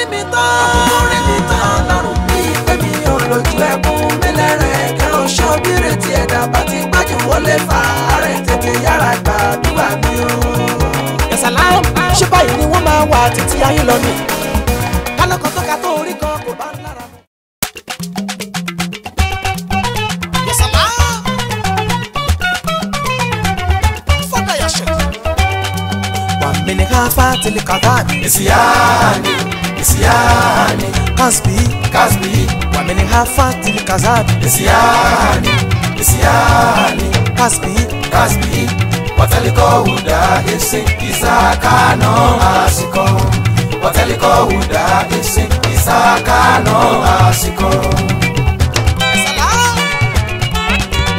rí mi tán. àbùkù rí mi tán lọ́rùn mi èmi ò lójú ẹkún mi lẹ́rẹ̀ẹ́ kẹrọ ṣọ́ bí retí ẹ̀dá bá ti gbájú wọlé fà á rẹ̀ tètè yára gbàdúrà mi o. yàsàlá ṣé báyìí ni wọ́n máa wà títí ayé lọ ni kálọ́kọ̀ tó ka tó Siani Kasbi Kasbi Wameni hafa tili kazabi Siani Siani Kasbi Kasbi Watali ko uda ese Isa kano asiko Watali ko uda ese Isa kano asiko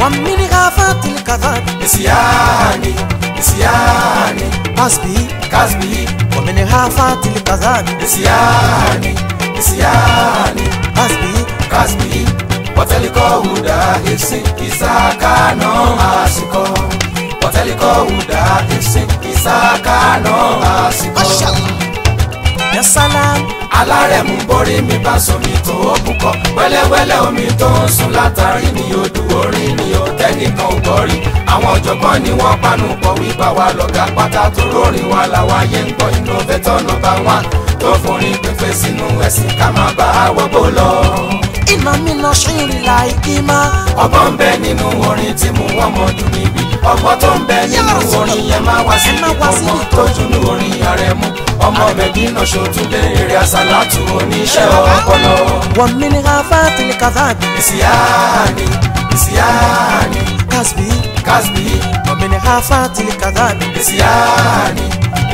Wameni hafa tili kazabi Siani Siani Kasbi Kasbi كسبه ومن هافات القذان نسياني نسياني حسبه كسبه وتلقى هدى إفسن إذا كان عاشقا وتلقى هدى إفسن إذا كان عاشقا يا سلام alárẹ̀mú borí mi bá somi tó òkun kọ wẹ́lẹ́wẹ́lẹ́ omi tó ń sun látàrí ni odò orí ni ó tẹ́nìkan ò gbọ́ rí àwọn ọ̀jọ̀gbọ́n ni wọ́n panu pọ̀ wípé wa lọ́gà pátá tó rọrin wa làwa yẹ ń gbọ́ innovator number one tó forin pépé sínú ẹ̀sìn ká má bá a wọ́gbó lọ. iná mi lọ ṣe ìrìnlá ìgbìmọ̀. ọgbọ́n ń bẹ nínú orin tí mo wọ́n mọ́ dùn níbi ọgbọ́n tó ń bẹ nínú orin yẹn má wá sí ọgbọ́n tó dúnú orin Àrẹ̀mú ọmọ mẹ́dínà ṣòtúndé eré àsàlátù oníṣẹ́ ọpọlọ. wọ́n mi ní káfá tìlí káfá bí. ìsìyáàní ìsìyáàní. kásbí. kásbí. wọ́n mi ní káfá tìlí káfá bí. ìsìyáàní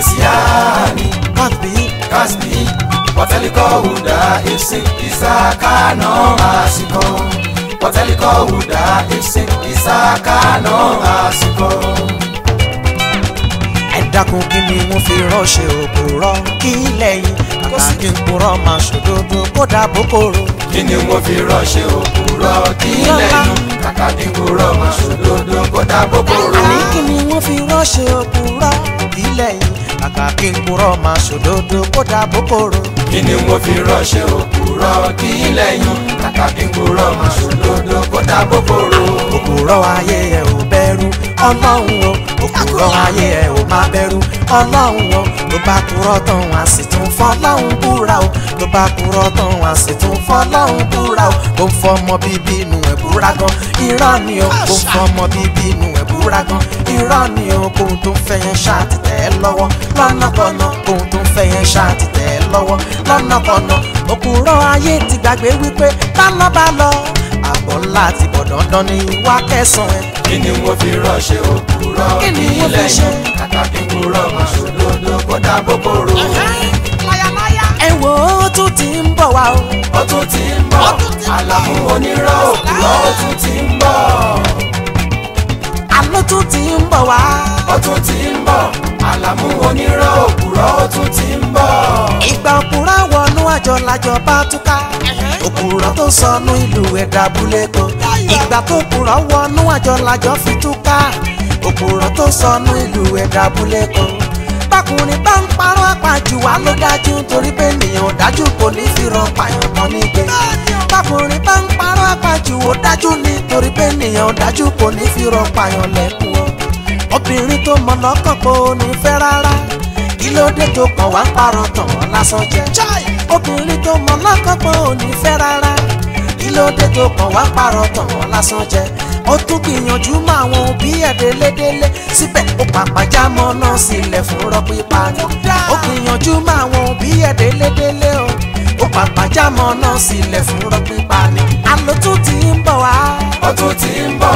ìsìyáàní. kásbí. kásbí. wọ́n tẹ́lẹ̀ kọ́ ọ̀hún dá ìsìn ìsàkánná àsìkò kọtẹ́líkọ̀ wùdà ìṣe ìsáká náà àsìkò. ẹ dákun kí ni wọ́n fi ránṣẹ́ òpùrọ́ kí lẹ́yìn kó sì ní kúrọ́ máa ṣòdodo kódà bókòrò. kí ni wọ́n fi ránṣẹ́ òpùrọ́ kí lẹ́yìn kàkà ní kúrọ́ máa ṣòdodo kódà bókòrò. kí ni wọ́n fi ránṣẹ́ òpùrọ́ kí lẹ́yìn kàkà kí n purọ́ máa ṣòdodo kódà bókòrò. kí ni mo fi ránṣẹ́ òpùrọ́ kí lẹ́yìn kàkà kí n gbúrọ̀ mà ṣòdodo kódà bóboro. òkúrọ̀ ayé ẹ̀ ò bẹ̀rù ọlọ́run o òkúrọ̀ ayé ẹ̀ ò má bẹ̀rù ọlọ́run o ló bá kúrọ̀ tán wá sì tún fọlọ́run búra o ló bá kúrọ̀ tán wá sì tún fọlọ́run búra o ó ń fọmọ bíbí inú ẹ̀ búra gan irọ́ ni o ó ń fọmọ bíbí inú ẹ̀ búra gan irọ́ ni o kóhun tó ń fẹ́ yẹn ṣáà ti tẹ̀ ẹ́ lọ́wọ́ lọ́nà kọ́nà kóhun tó fẹ́ yẹn ṣáà ti tẹ̀ lọ́wọ́ lọ́nà kọ̀nà òkúrọ̀ ayé ti gbàgbé wípé bálọ́bálọ́ àbọ̀ ńlá ti bọ̀ dandan ní ìwà kẹsàn-án. kí ni wọ́n fi rọ́ṣẹ́ òkúrọ̀ ní ilẹ̀ yẹn kàkà kúrọ̀ máa ṣòdodo kó ẹ wo tún ti ń bọ̀ wá o. ó tún ti ń bọ̀ àlàfo onírọ̀ òkúrọ̀ ó tún ti ń bọ̀ ó tún ti ń bọ̀ wá. ó tún ti ń bọ̀ àlàmú onírọ̀ òpùrọ̀ ó tún ti ń bọ̀. ìgbà òpùrọ̀ wọnú àjọ làjọ bá túká òpùrọ̀ tó sọnù ìlú ẹ̀dá abúlé kan ìgbà tó òpùrọ̀ wọnú àjọ làjọ fi túká òpùrọ̀ tó sọnù ìlú ẹ̀dá abúlé kan bákùnrin bá ń parọ́ àpàjù ló dájú torí pé ènìyàn dájú kò ní fi ràn pààyàn kan nígbẹ́ bákùnrin bá ń parọ́ àpàjù ó dájú nítorí pé nìyẹn ó dájú kò ní fi rọpa yàn lẹ́kùn o obìnrin tó mọ lọ́kàn pé ó ní fẹ́ rárá kí ló dé tó kàn wá parọ́ tàn wọ́n lásán jẹ obìnrin tó mọ lọ́kàn pé ó ní fẹ́ rárá kí ló dé tó kàn wá parọ́ tàn wọ́n lásán jẹ ó tún gbìyànjú mọ àwọn òbí ẹ̀ délédélé síbẹ̀ ó pàpà já mọ́ náà sílẹ̀ fún rọ́pípa ó gbìyànjú mọ àwọn òbí ẹ̀ délédélé o ó pàpà jámọ́ náà sílẹ̀ fún rọ́pín pani. àlọ́ tún ti ń bọ̀ wá. ó tún ti ń bọ̀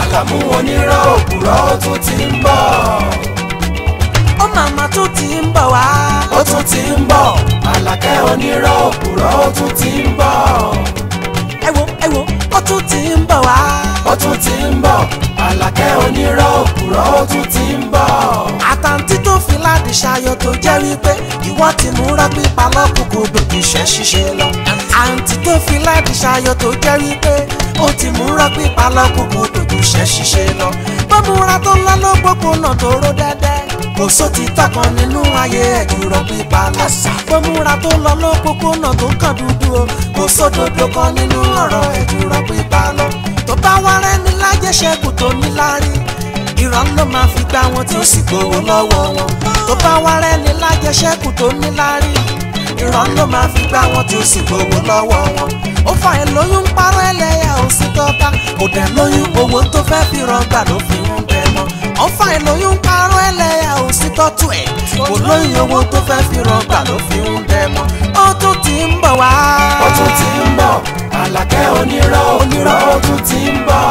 àlàmú onírọ̀ òpùrọ̀ ó tún ti ń bọ̀. ó màmá tún ti ń bọ̀ wá. ó tún ti ń bọ̀ àlàkẹ́ onírọ̀ òpùrọ̀ ó tún ti ń bọ̀ lẹ́nu ó tún ti ń bọ̀ wá. ó tún ti ń bọ̀ àlàkẹ́ onírọ̀ òpùrọ̀ ó tún ti ń bọ̀. àtàǹtí tó fi láti ṣayọ tó jẹ́ wípé ìwọ ti múra pípa lọ́kùnkùn gbòógì iṣẹ́ ṣíṣe lọ. àǹtí tó fi láti ṣayọ tó jẹ́ wípé ó ti múra pípa lọ́kùnkùn gbòógì iṣẹ́ ṣíṣe lọ. bó tó ń lọ lọ́gbọ́kùn náà tó ró dẹ́dẹ́ kò sótítà kan nínú ayé ẹ̀dùrọ̀ pípa lásà tó múra tó lọ lópópónà tó kàn dúdú o kò sódodo kan nínú ọ̀rọ̀ ẹ̀dùrọ̀ pípa lọ tó bá wá rẹ́ni lájẹṣẹ́kù tó ní láárí ìran ló máa fi gbá wọn tí ó sì gbowó lọ́wọ́ wọn tó bá wá rẹ́ni lájẹṣẹ́kù tó ní láárí ìran ló máa fi gbá wọn tí ó sì gbowó lọ́wọ́ wọn ó fa ìlóyún parọ́ ẹlẹ́yà ó sì tọ́ka kò dẹ̀ ọ̀fà ìlóyún parọ́ ẹlẹ́yà ò sí tọ́tù ẹ̀ kò lóyún owó tó fẹ́ fi rọgbà ló fi ń bẹ mọ́ ó tún ti ń bọ̀ wá. ó tún ti ń bọ̀ àlàkẹ́ onírọ̀ onírọ̀ ó tún ti ń bọ̀.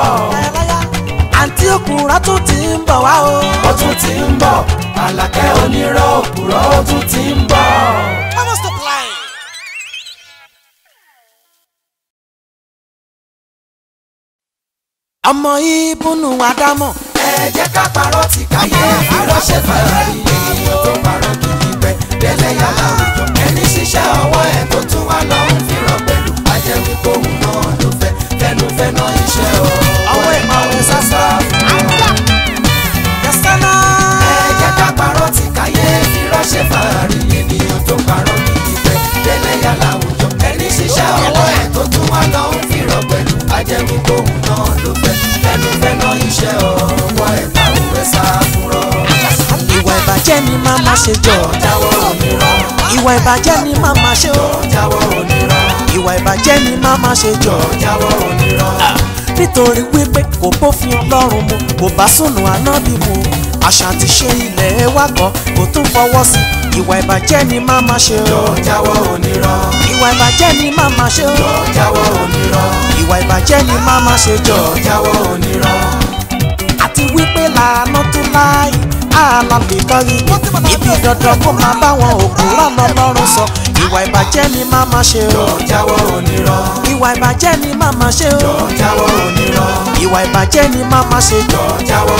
àǹtí òkúra tún ti ń bọ̀ wá o. ó tún ti ń bọ̀ àlàkẹ́ onírọ̀ òkúra ó tún ti ń bọ̀. ọmọ ibùnú àdámọ̀ ẹ jẹ́ ká parọ́ ti káyé ìránṣẹ́ fàlàrí èèyàn tó parọ́ gidi pẹ́ délẹ̀ yàrá òjò ẹni ṣiṣẹ́ ọwọ́ ẹ̀ tó tún wá lọ ń fìràn pẹ̀lú ajẹ́ wípé òun náà ló fẹ́ fẹnufẹ́nà iṣẹ́ o. àwọn ẹ̀ máa ń sásá. yasana. ẹ jẹ́ ká parọ́ ti káyé ìránṣẹ́ fàlàrí èèyàn tó parọ́ gidi pẹ́ délẹ̀ yàrá òjò ẹni ṣiṣẹ́ ọwọ́ ẹ̀ jẹ́ wípé òun náà ló fẹ́ ẹnu fẹ́ náà iṣẹ́ ọwọ́ ẹ̀ pàrọ̀ ẹ̀ sá fúnrọ́. ìwà ìbàjẹ́ ni máa ma ṣe jọ jáwọ́ òmíràn. ìwà ìbàjẹ́ ni máa ma ṣe jọ jáwọ́ òmíràn. ìwà ìbàjẹ́ ni máa ma ṣe jọ jáwọ́ òmíràn. Ah, nítorí wípé kò bófin Ọlọ́run mu kò bá sùnù ànábì mu àṣà àti ṣe ilẹ̀ wa kan kò tún fọwọ́ sí i ìwà ìbàjẹ́ ni má má ṣe o. jọ jáwọ́ onírọ́. ìwà ìbàjẹ́ ni má má ṣe o. jọ jáwọ́ onírọ́. ìwà ìbàjẹ́ ni má má ṣe jọ jáwọ́ onírọ́. àti wípé làánú tún láì àlà lè lọ́rí ibi dandan kó máa bá wọn òkú lọ́nà lọ́rùn sọ ìwà ìbàjẹ́ ni má má ṣe o. jọ jáwọ́ ìwà ìbàjẹ́ ni má má ṣe o. jọ jáwọ́ ìwà ìbàjẹ́ ni má má ṣe. jọ jáwọ́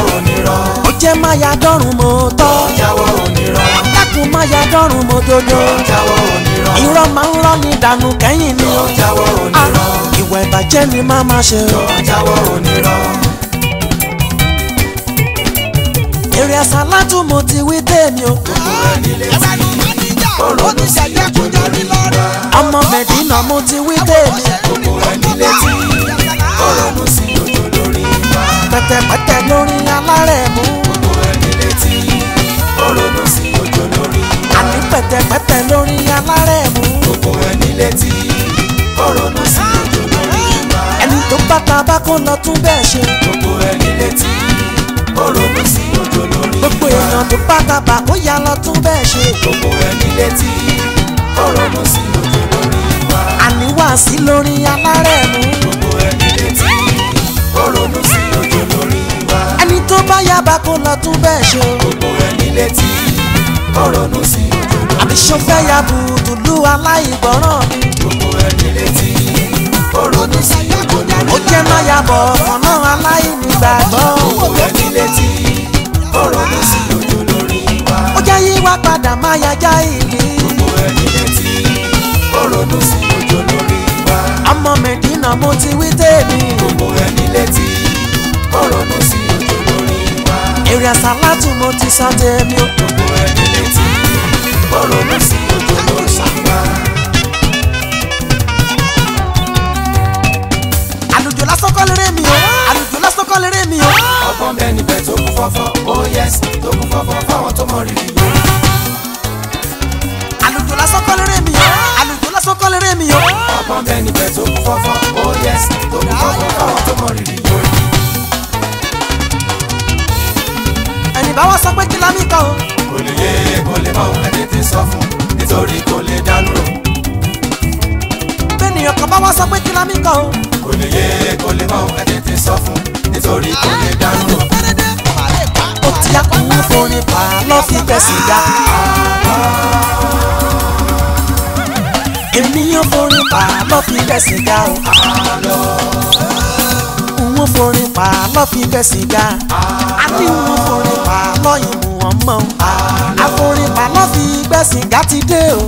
ó jẹ́ máa ya dọ́rùn mọ́tọ́. jọ jáwọ́ onírọ́ dákun má ya dọ́rùn mọ́dodo. irọ́ máa ń lọ ní ìdànù kẹ́yìn ni o. Ah, ìwà ìbàjẹ́ ni má má ṣe o. èrè àṣà látùmọ̀ ti wí tèmi o. ọmọ mẹ̀dínà mo ti wí tèmi. pẹ̀tẹ̀pẹ̀tẹ̀ lórí alárẹ̀ mú. ronú pẹ̀tẹ̀pẹ̀tẹ̀ lórí alárẹ̀mú. kòkò ẹ̀ nílé tí kòrónà sí òjò lórí ìgbà. ẹni tó bá tabako lọ tún bẹ́ẹ̀ ṣe. kòkò ẹ̀ nílé tí kòrónà sí òjò lórí ìgbà. gbogbo èèyàn tó bá tabako ya lọ tún bẹ́ẹ̀ ṣe. kòkò ẹ̀ nílé tí kòrónà sí òjò ìgbà. àníwá sí lórí alárẹ̀mú. kòkò ẹ̀ nílé tí kòrónà sí òjò lórí yaba kó lọ tún bẹ́ẹ̀ ṣe. kòkò kó ronú sí òdodo. àbíṣọgbẹ́yà bùtùlù aláìgbọràn. gbogbo ẹni létí kó ronú sí òdodo. ó jẹ́ máyàbọ̀ fọ̀nà aláìnígbàgbọ́. gbogbo ẹni létí kó ronú sí òdodo rí wa. ó jẹ́ yíwá padà máyàjá ìlú. gbogbo ẹni létí kó ronú sí òdodo rí wa. ọmọ mẹ́dínà mo ti wí tèmi. gbogbo orí àsálàtù mo ti sá tèmi ò gbogbo ẹni létí bọ́rọ̀ mi sí ojú ló sábà. àlùjò lásán kọ́ lérè mi o àlùjò lásán kọ́ lérè mi o. ọgbọ́n bẹ́ẹ̀ níbẹ̀ tó kún fọ́fọ́ oh yes tó kún fọ́fọ́ fáwọn tó mọ rírì. àlùjò lásán kọ́ lérè mi o àlùjò lásán kọ́ lérè mi o. ọgbọ́n bẹ́ẹ̀ níbẹ̀ tó kún fọ́fọ́ oh yes tó kún fọ́fọ́ fáwọn tó mọ rírì. ìbáwọ́ sọ pé kí lámì kọ́ o. kò lè yé kò lè bá òun ẹni tí ń sọ fún nítorí kò lè dánú rò. bẹ́ẹ̀nìyàn kan báwọ́ sọ pé kí lámì kọ́ o. kò lè yé kò lè bá òun ẹni tí sọ fún nítorí kò lè dánú rò. ó ti yá kó ń forin pa lọ́ fi bẹ́ sìgá. èmi yóò forin pa lọ́ fi bẹ́ sìgá o forin pa fi bẹ́ sìgá àti wọn forin pa lọ́yìn mú wọn mọ́ àforin pa lọ́fin bẹ́ sìgá ti dé o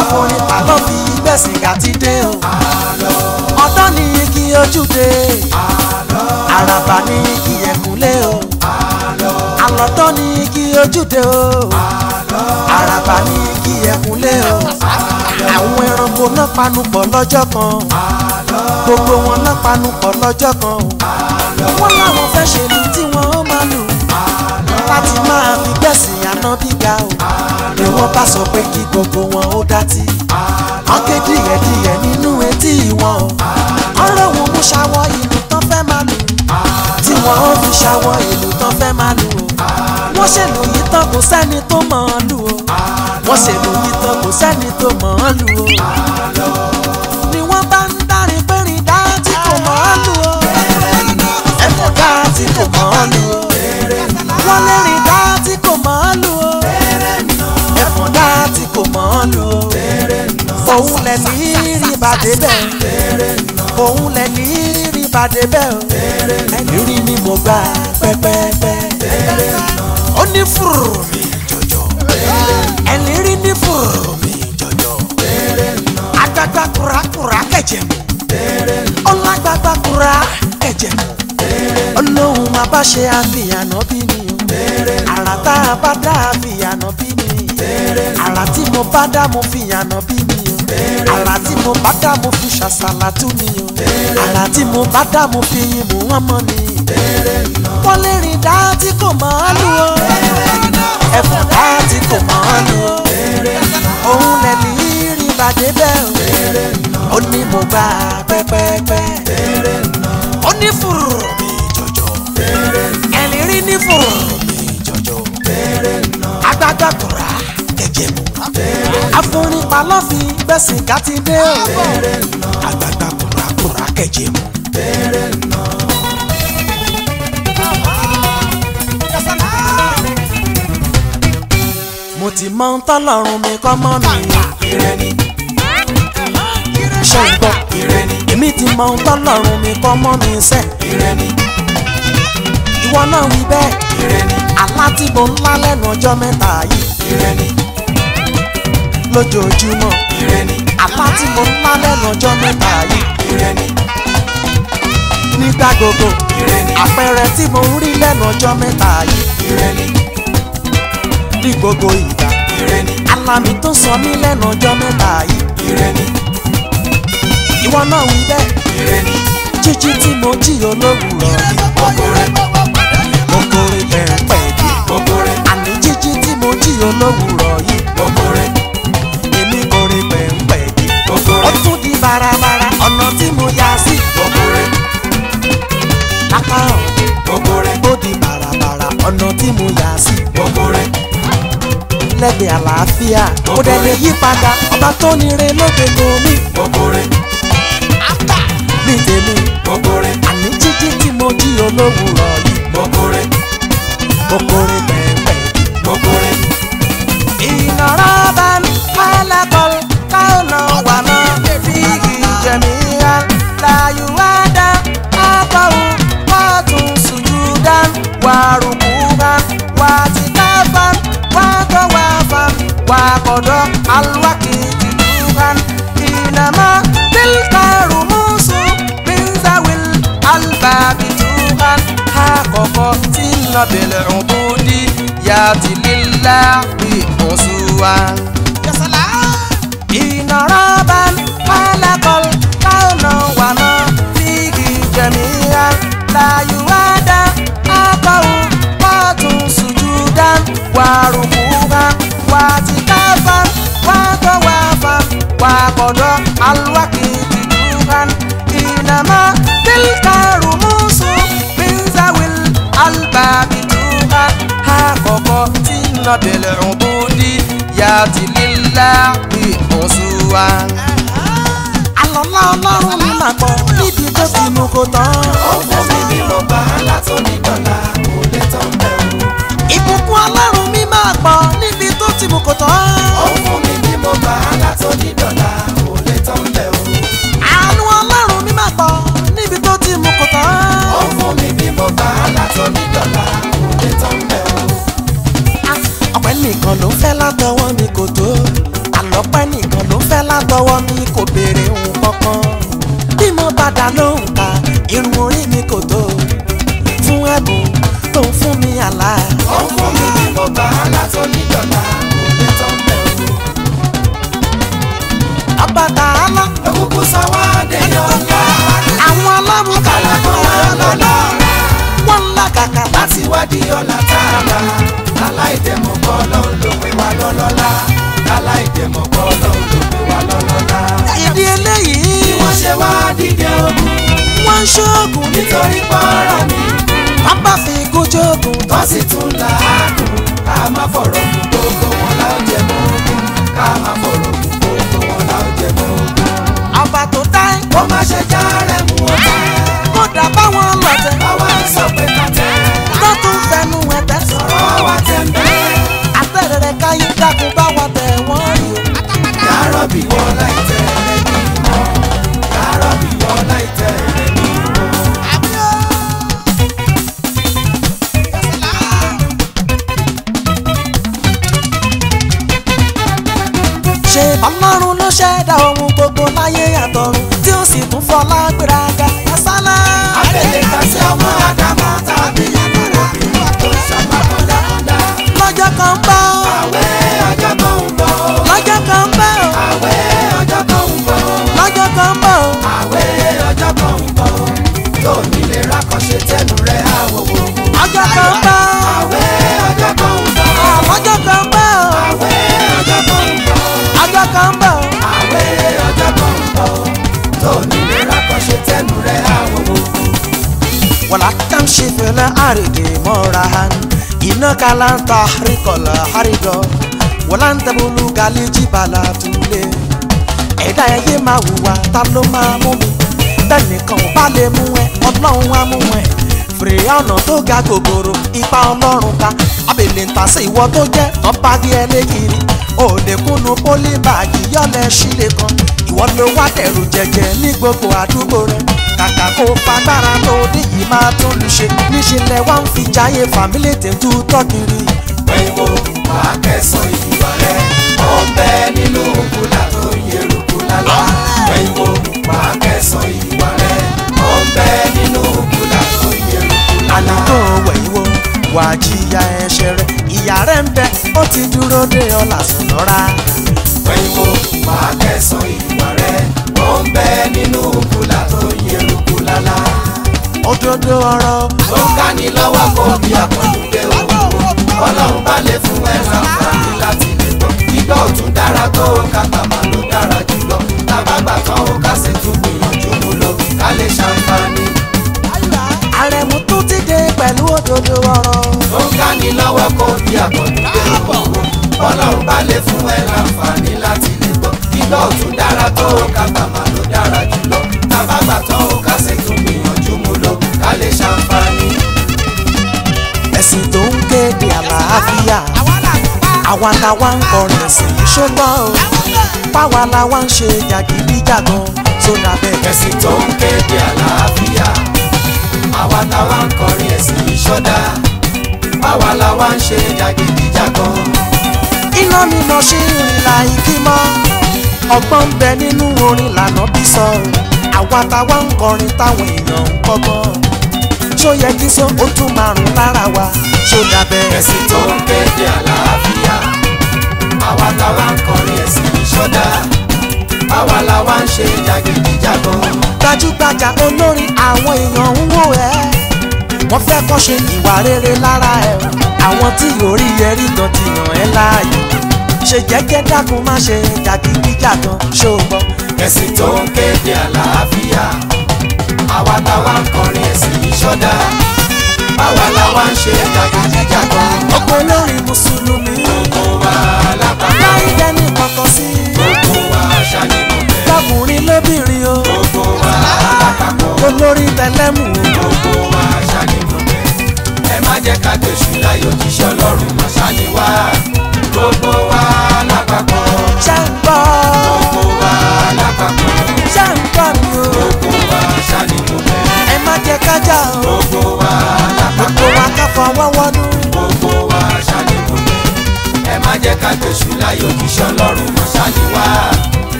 àforin pa fi bẹ́ sìgá ti dé o ọ̀dọ́ ni igi ojúde àràbà ni igi ẹ̀kúnlé o àlọ́tọ́ ni igi ojúde o àràbà ni igi ẹ̀kúnlé o àwọn ẹranko náà panupọ̀ lọ́jọ́ kan gbogbo wọn lápanupọ̀ lọ́jọ́ kan o wọ́n láwọn fẹ́ ṣèlú tí wọ́n ó lù láti máa fi gbẹ̀sìn àná bíga o ni wọ́n bá sọ pé kí gbogbo wọn ó dá tí wọ́n ké díẹ̀díẹ̀ nínú etí wọn o ọ̀rọ̀ wọn mú ṣàwọ̀ ìlú tán fẹ́ máa lù tí wọ́n fi ṣàwọ̀ ìlú tán fẹ́ máa lù o wọ́n ṣèlú yìí tán kò sẹ́ni tó mọ̀ ọ́ lù o wọ́n ṣèlú yìí tán kò sẹ́ni tó mọ̀ ọ́ lù o. kò mọ́ lù ú wọ́n lẹ́rìn dá tí kò mọ́ lù ú ẹ̀fọn dá tí kò mọ́ lù ú òun lẹ̀ ní rìbàdé bẹ́ẹ̀ òun lẹ̀ ní rìbàdé bẹ́ẹ̀ ẹni rí ni mo gbà pẹ́pẹ́pẹ́ ó ní fùrù ẹni rí ní fùrù agbagba kura kura kẹ̀jẹ̀ mu ọlágbagba kura kẹ̀jẹ̀ mu ọlọ́run máa bá ṣe àfihànà bí mi o àrà tá a bá dá àfihànà bí mi àrà tí mo bá dá mo fihànà bí mi o àrà tí mo bá dá mo fi ṣàṣàlà tú mi o àrà tí mo bá dá mo fi yin mú wọn mọ mi wọ́n lè rìn dá tí kò máa lù ọ́ ẹ̀fọ́ dá tí kò máa lù ọ́ òun lẹ̀ ní rí bàdé bẹ́ẹ̀ o ó ní mo gbà pẹ́pẹ́pẹ́ ó ní fùrù. aláàfin gbẹ̀sìn ká ti dé o. àgbààgbà kùràkùrà kẹ̀jẹ̀ mu. mo ti mọ ń tọ́lọ́run mi kọ́ mọ́ mi. ṣé ń gbọ́ èmi ti mọ ń tọ́lọ́run mi kọ́ mọ́ mi sẹ́. ìwọ náà wí bẹ́ẹ̀ aláti bo ńlá lẹ́nu ọjọ́ mẹ́ta yìí lójoojúmọ́. Ire ni. Àlá tí mo ń lá lẹ́nu ọjọ́ mẹ́ta yìí. Ire ni. Nígbà gbogbo. Ire ni. Àpẹẹrẹ tí mo ń rí lẹ́nu ọjọ́ mẹ́ta yìí. Ire ni. Ní gbogbo ìgbà. Ire ni. Àlá mi tó sọ mí lẹ́nu ọjọ́ mẹ́ta yìí. Ire Ìwọ náà wí bẹ́ẹ̀. Ire Jíjí tí mo jí olówùrọ̀ yìí. Ọkùnrin. Ọkùnrin ẹ̀ ń pẹ̀lú. Ọkùnrin. Àní jíjí tí mo jí olówùrọ̀ yìí. Ọkùnrin ó tún di barabara ọ̀nà tí mo yà sí. gbogbo rẹ̀ lápá ọ̀ gbogbo rẹ̀ ó di barabara ọ̀nà tí mo yà sí. gbogbo rẹ̀ lẹ́gbẹ̀ẹ́ àlàáfíà ó dẹ̀ lè yí padà ọba tó nire lóde lomi. gbogbo rẹ̀ ní tèmi gbogbo rẹ̀ àní jíjí tí mo jí olówùrọ̀ بالعبودية لله أسوة أنا بالعبود يا لله أسوا Ọlọ́run mi máa gbọ́ níbi tó ti mú kó tán. Ọmọ mi ni mo bá látòní dọ̀la kò lè tán bẹ́ẹ̀ Ìbùkún Ọlọ́run mi máa gbọ́ níbi tó ti mú kó tán. Ọmọ mi ni mo bá látòní dọ̀la kò lè tán bẹ́ẹ̀ Àánú Ọlọ́run mi máa gbọ́ níbi tó ti mú kó tán. Ọmọ mi ni mo bá látòní dọ̀la. nìkan ló fẹ́ látọwọ́ mi kò tó àlọ́pẹ́ nìkan ló fẹ́ látọwọ́ mi kò béèrè ohun kankan bí mo bá dá lóhùn ká irun orí mi kò tó fún ẹ̀bùn tó ń fún mi àlá. ó ń fún mi ní mo bá látọ níjọba kò lè tán bẹ́ẹ̀ o. ọba tààlà òkùnkùn sanwó-adé yọ̀ọ̀ká àwọn alámúkàlà kan kárakára. láti wádìí ọ̀la tààrà aláìtẹ̀mọ̀kọ́ lọ́n ló pé wá lọ́lọ́lá aláìtẹ̀mọ̀kọ́ lọ́n ló pé wá lọ́lọ́lá. ẹ̀yàdí eléyìí. bí wọ́n ṣe wá dídẹ ogun. wọ́n ń ṣoògùn nítorí pọ́nrán mi. pápá fi gójóògùn. tó sì tún làákùn ká má fọ̀rọ̀ kú gbogbo wọn láò jẹ mọ́ ogun ká má fọ̀rọ̀ kú gbogbo wọn láò mọ́ ogun. ọba tó dá. ó má ṣe já mú ọ̀tá. kódà báwọn lọ̀tẹ̀. báwa sọ pé kàtẹ́. bẹ̀ wọ́n wọ́n láì fil ardi ina innaka lan tahriqal harida wa lan tablugal jibala tule ẹ̀dá ẹyẹ máa hùwà ta ló máa mu, mi tẹnìkan ò bá lè mú ẹ ọlọ́run á mú ẹ fèrè ọ̀nà tó ga gògòrò ipa ọlọ́run ká abèlè ń ta sí ìwọ tó jẹ́ ọba gé ẹ lékiri òdekúnnu pólí báàgì yọlẹ̀ sílẹ̀ kan ìwọ ló wá tẹ̀rù jẹjẹ ní gbogbo àdúgbò rẹ kàkà kó fagbára tó níyì máa tó lù ṣe níṣẹ́ lẹ wá ń fi jáyé fàmílì tẹ̀jú tọ́kiri. pé mo wà á kẹsàn ìwà rẹ ó ń bẹ nínú òkúta tó yẹ lóko lálá. pé mo wà á kẹsàn ìwà rẹ ó ń bẹ nínú òkúta tó yẹ lóko lálá. àlùkò wẹ̀yìnwó wàá jìyà ẹ̀ṣẹ̀ rẹ̀ ìyá rẹ̀ ń bẹ ó ti dúró dé ọ̀là lọ́ra. pé mo wà á kẹsàn ìwà rẹ ó ń bẹ nínú kùlà tó yẹrù kùlà la. òdodo ọ̀rọ̀. tó ń ká ní lọ́wọ́ kó bí àpọ̀jù dé òun. àwa la wá ń kọrin ẹ̀sìn yìí ṣógbọ́ o páwa la wá ń ṣe jàgídíjàgan tó dàbẹ̀. ẹ̀sìn tó ń kéde àlàáfíà àwa la wá ń kọrin ẹ̀sìn yìí ṣọ́dá páwa la wá ń ṣe jàgídíjàgan. iná mi lọ sí ìlà ìkímọ́ ọgbọ́n ń bẹ nínú orin lànà bí sọ àwa ta wá ń kọrin táwọn èèyàn ń kọ́gbọ́n ṣó yẹ kí sọ ó tún márùn-ún lára wa tó dábẹ́. ẹ̀sìn tó ń kéde àlàáfíà àwa làwa ń kọrin ẹ̀sìn ìṣọ́dá àwa làwa ń ṣe jàgídíjàgan. gbajúgbajà olórin àwọn èèyàn ń wò ẹ́ wọ́n fẹ́ kọ́ ṣe ìwà rere lára ẹ̀ àwọn tí orí ẹ̀rí gan ti yàn ẹ́ láàyè ṣe jẹ́jẹ́ dákun má ṣe jàgídíjàgan ṣóògbọ́. ẹ̀sìn tó ń kéde àlàáfíà àwa làwa ń kọrin ẹ̀sìn ìṣọ́dá àwa làwa ń ṣe jàgídíjàgan. ọkùnrin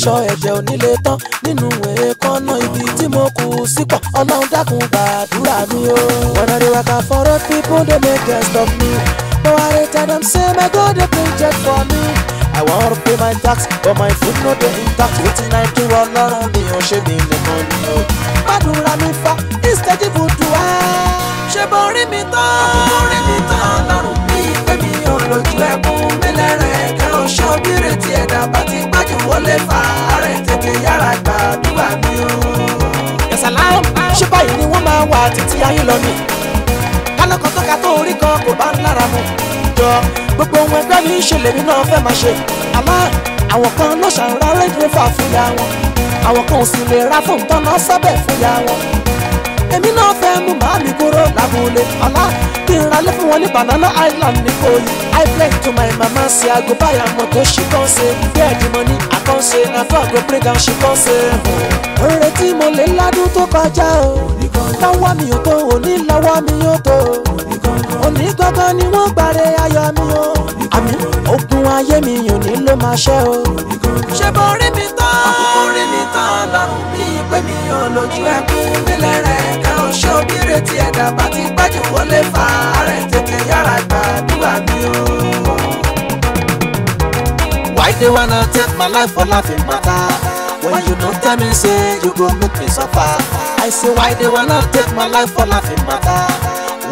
aṣọ ẹ̀jẹ̀ ò ní tán nínú èékánná ibi tí mo kù sí ọlọ́run dákun gbàdúrà mi o. when i dey waka for road people dey make dem stop me but i dey say my god dey bring jet for me. I wan pay my tax but my food no dey intact wetin I do ọlọ́run mi ò ṣe mí nìkan ni o. gbàdúrà mi fa instead ibùdó ẹ̀ ṣe borí mi tán. àbúrò rí mi tán ọlọ́run lójú ẹkún mílẹ̀rẹ̀ kẹ́ ò ṣọ́bìrì tí ẹ̀dá bá ti gbájú ó lè fà á rẹ̀ tètè yára gbàdúrà mi o. Yasalam ṣé báyìí ni wọ́n máa wà títí ayé lọ ni kálọ́kọ̀ tọ́ka tó orí kan kò bá ń lára mu jọ gbogbo ohun ẹgbẹ́ mi ń ṣe lèmi náà fẹ́ máa ṣe àmọ́ àwọn kan ló ṣàǹrà rẹ́díò fà fúnya wọn àwọn kan ò sì lè ra fóun tán náà sábẹ̀ fúnya wọn èmi náà fẹ́ mú bá mi kúrò lábúlé ọlá kí n ralé fún wọn ní banana island ní kòyí i pray to my mama say i go buy am moto she come say where the money i come say na for i go bring am she come say. retí mo lè ládùn tó kọjá o lọ́wọ́ mi ò tó òní lọ́wọ́ mi ò tó òní gangan ni wọ́n gbàre ayọ̀ mi o àmì ogun ayé mi ò ní ló máa ṣẹ́ o. ṣe bó rí mi tán rí mi tán lọ́rùn lójú ẹkún nílẹ̀ rẹ̀ ká ó ṣó bí retí ẹ̀dá bá ti gbájú wọlé fa àárẹ̀ tètè yára gbàdúrà mi o. Why they wanna take my life for laughing matter? When you don tell me say you go make me suffer. I say why they wanna take my life for laughing matter?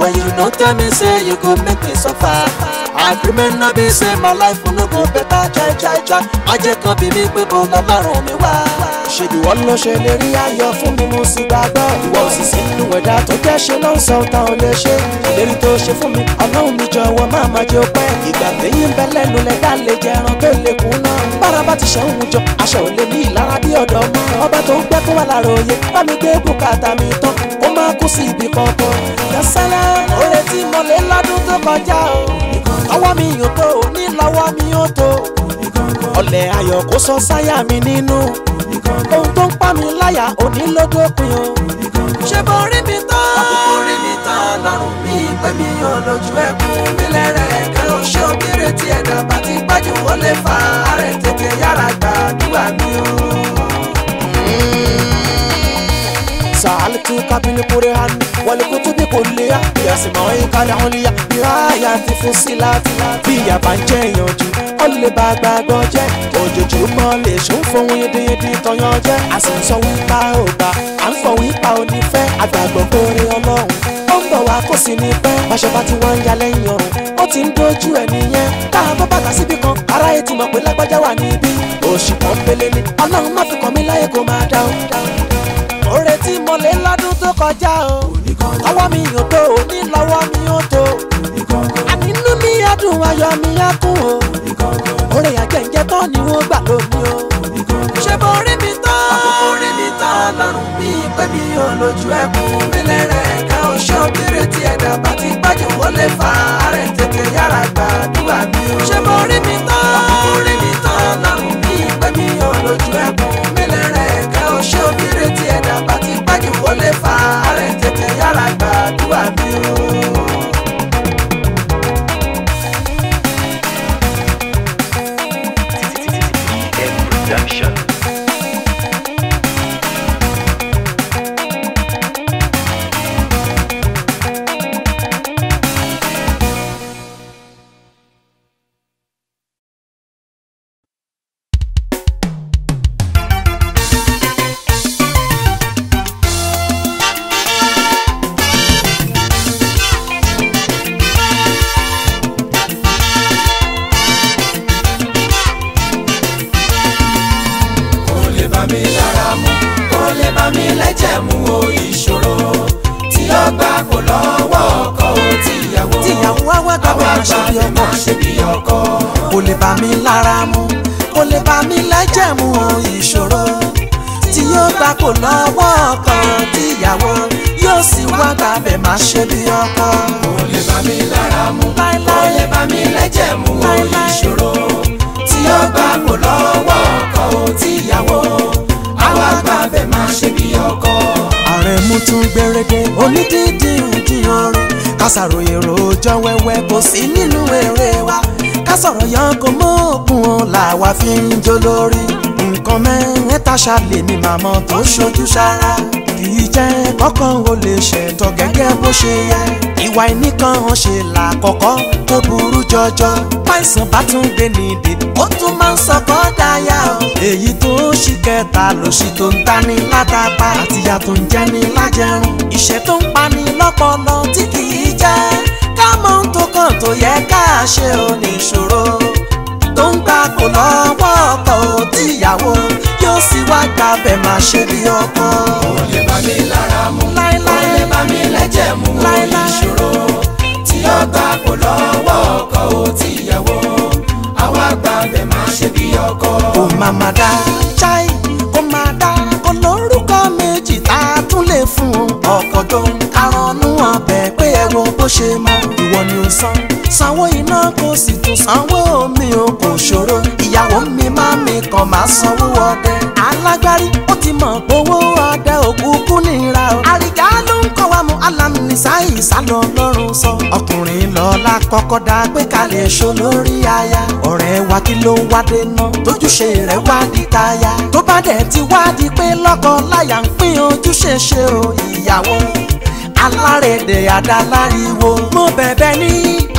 When you don tell me say you go make me suffer. Agreement no be say my life no go better. Jai jai jai. Ajẹ́ kan bí mi pé bó lọ́lọ́run mi wá ṣèdùwọ́ ló ṣe lè rí ayọ̀ fún mi mo sì gbàgbọ́ ìwọ òsì sí inú ẹ̀dá tó jẹ́ ṣe ló ń sọ tán ò lè ṣe ìlérí tó ṣe fún mi ọlọ́run mi jọ̀wọ́ má má jẹ́ ọpẹ́ ìgbà téyín bẹ lẹ́nu lẹ́dá lè jẹ ẹran tó lè kú náà bára bá ti ṣe ń jọ aṣọ ò lè ní ìlara bí ọ̀dọ́ mọ́ ọba tó ń gbẹ́ kó wà láròyé bá mi gbé bùkátà mi tán kó má kú sí ibì kankan yẹsẹ́lẹ́ oore tí mo lè lọ́dún tó kọjá o ọwọ́ mi yòó tó ní lọ́wọ́ mi yóò ọ̀lẹ̀ ayọ̀ kó sọ sáyà mi nínú ohun tó ń pa mi láyà òní ló dópin o ṣé mo rí mi tán. àkókò rí mi tán lọ́rùn mi pé mi ò lójú ẹkún mi lẹ́rẹ̀ kẹ́rọ ṣé obìnrin tí ẹ̀dá bá ti gbájú ó lè fa ààrẹ tètè yára gbàdúrà mi o. سألتك بالقرآن والكتب كلية يا سمعيك العليا نهاية في الصلات bí a bá ń jẹ̀yànjú ó lè bá gbàgbọ́ jẹ́ ojoojúmọ́ lè ṣùn fún yídíyídí tọyán jẹ́ a sì ń sọ wípa ò bá à ń fọ wípa ò ní fẹ́ àgbàgbọ́ kórè ọlọ́run ó ń bọ̀ wá kó sì ní pẹ́ báṣọ bá ti wá ń ya lẹ́yìn ọ̀run ó ti ń dojú ẹ̀ nìyẹn tá a bọ́ bàtà síbi kan aráyé ti mọ̀ pé lágbájá wà níbí òṣì kan pélé ni ọlọ́run má fi kàn mí láyé kó máa dá o. mo retí mọ̀lẹ́ tó kọjá o ní lọ́wọ́ mi ó tó. àní inú mi á dùn ayọ̀ mi á kún o. oore àjẹjẹ tán ni wọ́n gbà lómi o. ṣé mo rí mi tán? àkókò rí mi tán lọ́rùn bí pé mi ò lójú ẹkùn mi lẹ́rẹ̀ẹ́ ká o ṣọ́ kéré ẹ̀dá bá ti gbájú wọlé fa ààrẹ tètè yára gbàdúrà mi o. ṣé mo rí mi níbi ọkọ. ààrẹ mú tún gbẹrẹgẹ onídìídì ìjiyàn rẹ kásàròyé rojọ́ wẹ́wẹ́ kò sí nínú eré wa kásọ̀rọ̀ yan kò mọ òkun o làwa fi ń jó lórí nǹkan mẹ́rin tá ṣàlè ní màmá tó ṣojú sára yìí jẹ́ kọ́kàn ò lè ṣẹ̀tọ́ gẹ́gẹ́ bó ṣe yẹ ìwà ẹnìkan ṣe làkọ́kọ́ tó burú jọjọ páìsàn bá tún gbé ní ìdè ó tún máa ń sọkọ́ dáyà èyí tó ń ṣì kẹta lòṣì tó ń tani látàpá àtìyà tó ń jẹni lájẹrun ìṣẹ́ tó ń pani lọ́pọlọ tí kì í jẹ́ ká mọ̀ ohun tó kàn tó yẹ ká ṣe ò ìṣòro tó ń gbà kò lọ́wọ́ ọkọ tíyàwó yóò sì wá gbàbẹ̀ máa ṣe bí ọkọ. kò lè bá mi lára mu kò lè bá mi lẹ́jẹ̀ mu ìṣòro tí ó gbà kò lọ́wọ́ ọkọ tíyàwó àwa gbàbẹ̀ máa ṣe bí ọkọ. kò má má dá chai kò má dá olórúkọ méjì tá a tún lè fún ọkọ tó ń karọ́nú ọbẹ̀ epo bó ṣe mọ ìwọ ni ó san sanwó iná kò sì tún sanwó omi o kò ṣòro ìyàwó mi máa mi kàn máa sanwó ọdẹ alágbárí ó ti mọ̀ owó ọdẹ òkúkú nira o àríjà ló ń kọ́ wa mu alámísà ìsálọ ọlọ́run sọ ọkùnrin lọ́la kọ́kọ́ dá pé kalẹ̀ ṣó lórí aya ọ̀rẹ́ wa kí ló ń wádé náà tójúṣe rẹ̀ wá di táyà tó bá dẹ̀ ti wá di pé lọ́kọ láyà ń pín ojúṣe ṣe o ìyàwó alárèdè àdáláriwo mo bẹ̀bẹ̀ ní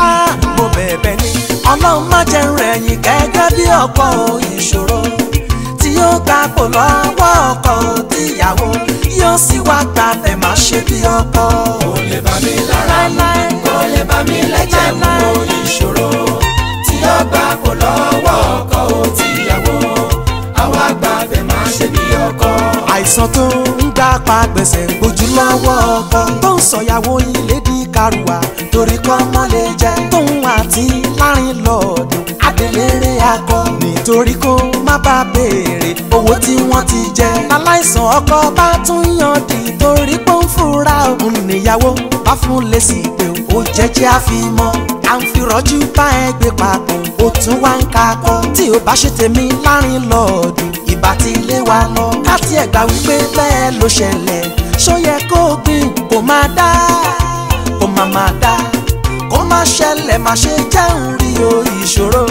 á mo bẹ̀bẹ̀ ní ọlọ́run má jẹun rẹ̀yìn gẹ́gẹ́ bí ọkọ ìṣòro tí yóò gbà kó lọ́wọ́ ọkọ tíyàwó yóò sì wá gbalẹ̀ má ṣe bí ọkọ. kò lè bá mi lára mu kò lè bá mi lẹ́jẹ̀ mu ìṣòro tí yóò gbà kó lọ́wọ́ ọkọ tíyàwó àwa gbàgbẹ́ má ṣe bí ọkọ àìsàn tó ń gbà pa gbèsè ń gbójú lọ́wọ́ ọkọ tó ń sọ̀yàwó ilé di karùwà torí kọ́ mọ́ lè jẹ́ tóun àti lárin lọ́ọ̀dún adelére akọ nítorí kó má bá béèrè owó tí wọ́n ti jẹ aláìsàn ọkọ bá tún yànjú torí pé ń fura òun níyàwó bá fún lèsì pé ó jẹ́jẹ́ àfimọ́ à ń fi rọ́jú bá ẹgbẹ́ papọ̀ ó tún wá ń kakọ́ tí ó bá ṣe tèmi lárin lọ́ọ̀dún ìbá ti lé wa lọ ká tiẹ̀ gbà wípé bẹ́ẹ̀ ló ṣẹlẹ̀ ṣó yẹ kó gbìn kó máa dá kó máa máa dá kó má ṣẹlẹ̀ má ṣe jẹun rí o ìṣòro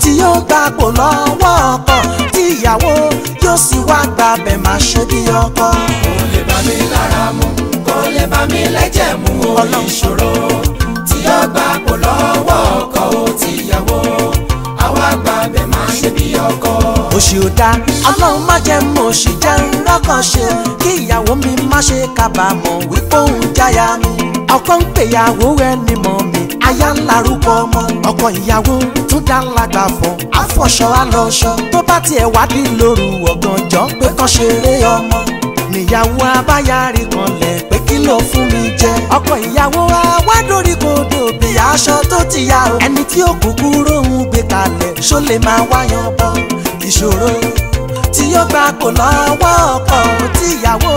tí yóò gbàgbó lọ́wọ́ ọkọ tí ìyàwó yóò sì wá gbàbẹ̀ má ṣe bí ọkọ. kò lè bá mi lára mu kò lè bá mi lẹ́jẹ̀ mu o ìṣòro tí yóò gbàgbó lọ́wọ́ ọkọ tí ìyàwó àwa gbàbẹ̀ má ṣe bí ọkọ ṣe ò dáa ọlọ́run má jẹ́ mo ṣì jẹ́ lọ́kàn ṣe kí ìyàwó mi má ṣe kábàámọ̀ wípé òun jáya ọkọ ń pèyàwó ẹni mọ̀ mi aya ń larúkọ ọmọ ọkọ ìyàwó tún dá lágbà fọ àfọṣọ àlọṣọ tó bá tiẹ̀ wádìí lóru ọ̀gànjọ́ pé kàn ṣeré ọmọ níyàwó abáyárí kanlẹ̀ pé kí ló fún mi jẹ ọkọ ìyàwó awádórí kodò bí aṣọ tó ti yá ẹni tí ó kúkú róhun gbé kalẹ̀ ṣó lè máa wáyan bọ́ ìṣòro tí yóò gbà kó lọ́wọ́ ọkọ tí ìyàwó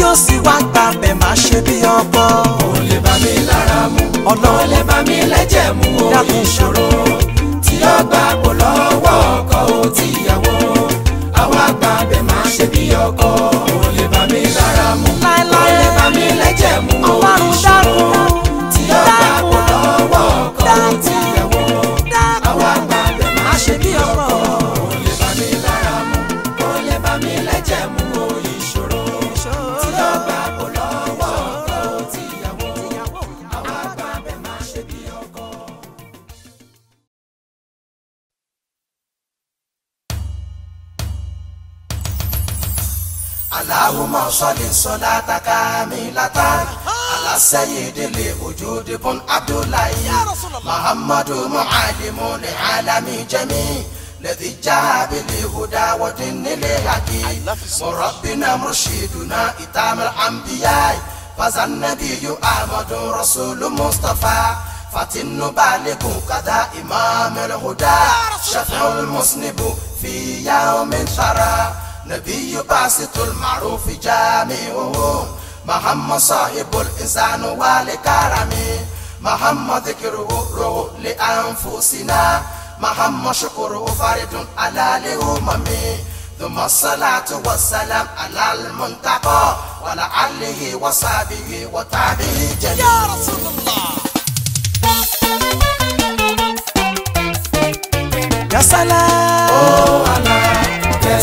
yóò sì wá gbà bẹ̀ má ṣe bí ọkọ. ó lè bá mi lára mu ọ̀nà ó lè bá mi lẹ́jẹ̀ mu ó ìṣòro tí yóò gbà kó lọ́wọ́ ọkọ tí ìyàwó àwa má ṣe bí ọkọ. sọ́ni sọ́dá àtàkà mi látà alasẹ́yìndínlẹ̀ ojúde bọ́n abdullahi muhammadu muhalimu ni alami jẹ́mi lẹ́tí jáàbí lè hùdá wọ́dí nílé àkí mọ̀rọ́bìnà mùsùlùmá ìtàmìlà àmbíyá fazanabiyu amadu rasulu mustapha. فتن بالغ كذا إمام الهدى شفع المذنب في يوم ثرى نبي باسط المعروف جامعه محمد صاحب الإنسان والكرم محمد ذكره روح لأنفسنا محمد شكره فرد على الأمم ثم الصلاة والسلام على المنتقى ولعله وصحبه وتابعه يا رسول الله يا سلام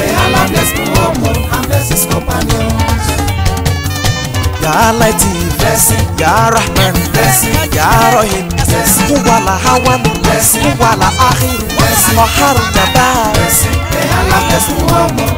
The Alabless Muhomo oh, and bless his companions. Oh. Ya Almighty, blessing. Ya Rahman, blessing. Ya Rahim, blessing. Huwala Hawan, blessing. Huwala Akhir, blessing. Mahar Jabbar, blessing. The Alabless Muhomo.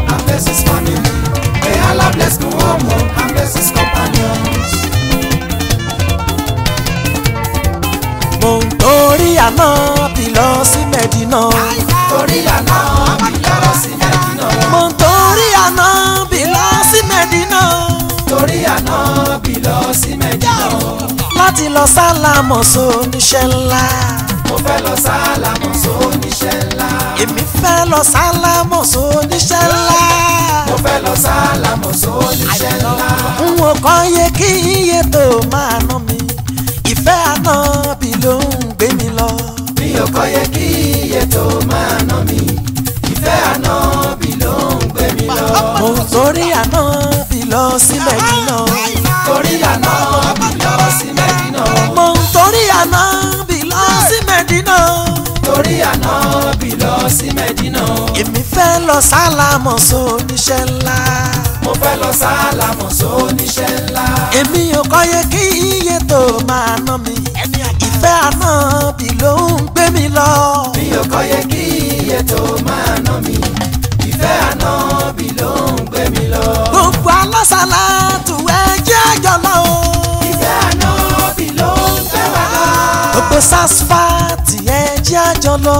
láti lọ sálàmọ̀ sóníṣẹ́ ńlá. mo fẹ́ lọ sálàmọ̀ sóníṣẹ́ ńlá. èmi fẹ́ lọ sálàmọ̀ sóníṣẹ́ ńlá. mo fẹ́ lọ sálàmọ̀ sóníṣẹ́ ńlá. n ò kọ́ iye kí iye tó máa ná mi ìfẹ́ àná bí ló ń gbé mi lọ. mi ò kọ́ iye kí iye tó máa ná mi ìfẹ́ àná bí ló ń gbé mi lọ. mo torí àná bí lọ sílẹ̀ jìnnà. torí àná bí lọ sílẹ̀ mo ń torí àná bí lọ sí mẹ́dínà. torí àná bí lọ sí mẹ́dínà. èmi fẹ́ lọ sálámọ̀ sóníṣẹ́ ńlá. mo fẹ́ lọ sálámọ̀ sóníṣẹ́ ńlá. èmi ò kọ́ yẹ kí iye tó máa ná mi. ẹni àgbà ìfẹ́ àná bí ló ń gbé mi lọ. mi ò kọ́ yẹ kí iye tó máa ná mi ìfẹ́ àná bí ló ń gbé mi lọ. gbogbo alásàlá tùwẹ́ jẹ́ àjọlọ́. pé sasfati ẹ jẹ́ àjọ lọ.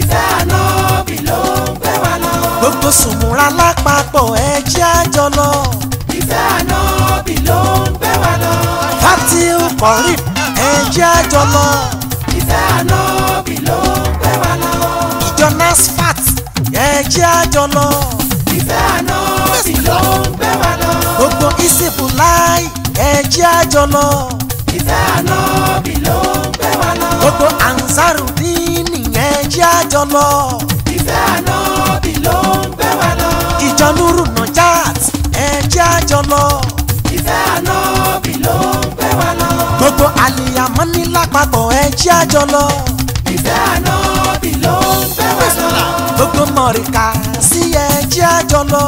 ìfẹ́ ànábì ló ń gbé wa lọ. gbogbo sùnmùra lápapọ̀ ẹ jẹ́ àjọ lọ. ìfẹ́ ànábì ló ń gbé wa lọ. fatiu kọrin ẹ jẹ́ àjọ lọ. ìfẹ́ ànábì ló ń gbé wa lọ. ìjọ nasfat ẹ jẹ́ lọ. ìfẹ́ ànábì ló ń gbé wa lọ. gbogbo isibu láì ẹ lọ. ìfẹ́ ànábì ló ń gbé wa lọ gbogbo Ansarudeen nìyẹn jẹ́ àjọ lọ. ìfẹ́ ànábì ló ń gbé wa lọ. ìjọ Nuru Nujat ẹ jẹ́ àjọ lọ. ìfẹ́ ànábì ló ń gbé wa lọ. gbogbo àlìyàmọ́ ní lápapọ̀ ẹ jẹ́ àjọ lọ. ìfẹ́ ànábì ló ń gbé wa lọ. gbogbo mọ̀ríkà sí ẹ jẹ́ àjọ lọ.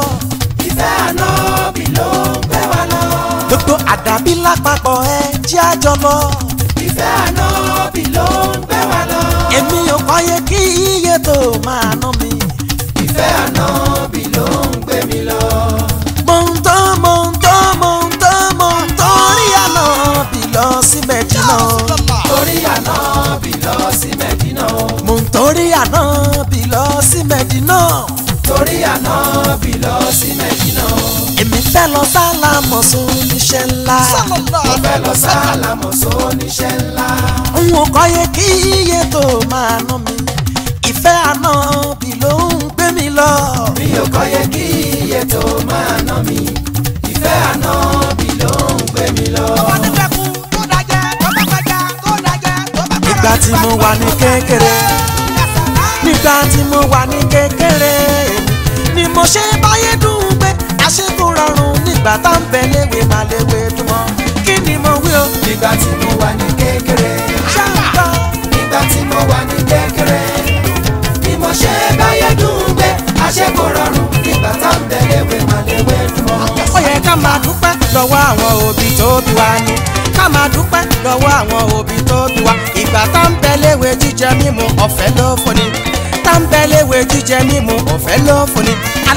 ìfẹ́ ànábì ló ń gbé wa lọ àdàbí lápapọ̀ ẹ jẹ́ àjọ lọ. ìfẹ́ àná bí ló ń gbé wa lọ. èmi ò kọ́yé kí iye tó máa ná mi. ìfẹ́ àná bí ló ń gbé mi lọ. mo ń tọ́ mo ń tọ́ mo ń tọ́ mo ń tọ́ orí àná bí lọ sí mẹ́jìnà. orí àná bí lọ sí mẹ́jìnà. mo ń torí àná bí lọ sí mẹ́jìnà. torí àná bí lọ sí mẹ́jìnà fẹ́ lọ sálàmọ̀ sóníṣẹ́ ńlá. mo fẹ́ lọ sálàmọ̀ sóníṣẹ́ ńlá. n ò kọ́yé kí iye tó máa ná mi ìfẹ́ àná bì ló ń gbé mi lọ. mi ò kọ́yé kí iye tó máa ná mi ìfẹ́ àná bì ló ń gbé mi lọ. nígbà tí mo wà ní kékeré nígbà tí mo wà ní kékeré ni mo ṣe báyé dùn pé àṣẹ rọrùn ìgbà tá ń bẹ léwe má léwe dúmọ́ kí ni mo wí o. ìgbà tí mo wà ní kékeré. ṣáàpá. ìgbà tí mo wà ní kékeré. bí mo ṣe báyé dùn gbé àṣẹ ìgbà tá ń bẹ léwe má léwe dúmọ́. ó yẹ ká máa dúpẹ́ lọ́wọ́ àwọn òbí tó bí wa ni ká máa dúpẹ́ lọ́wọ́ àwọn òbí tó bí ìgbà tá ń bẹ léwe jíjẹ mímu ọ̀fẹ́ ló fún ni tá ń bẹ léwe jíjẹ mímu ọ̀fẹ́ ló fún ni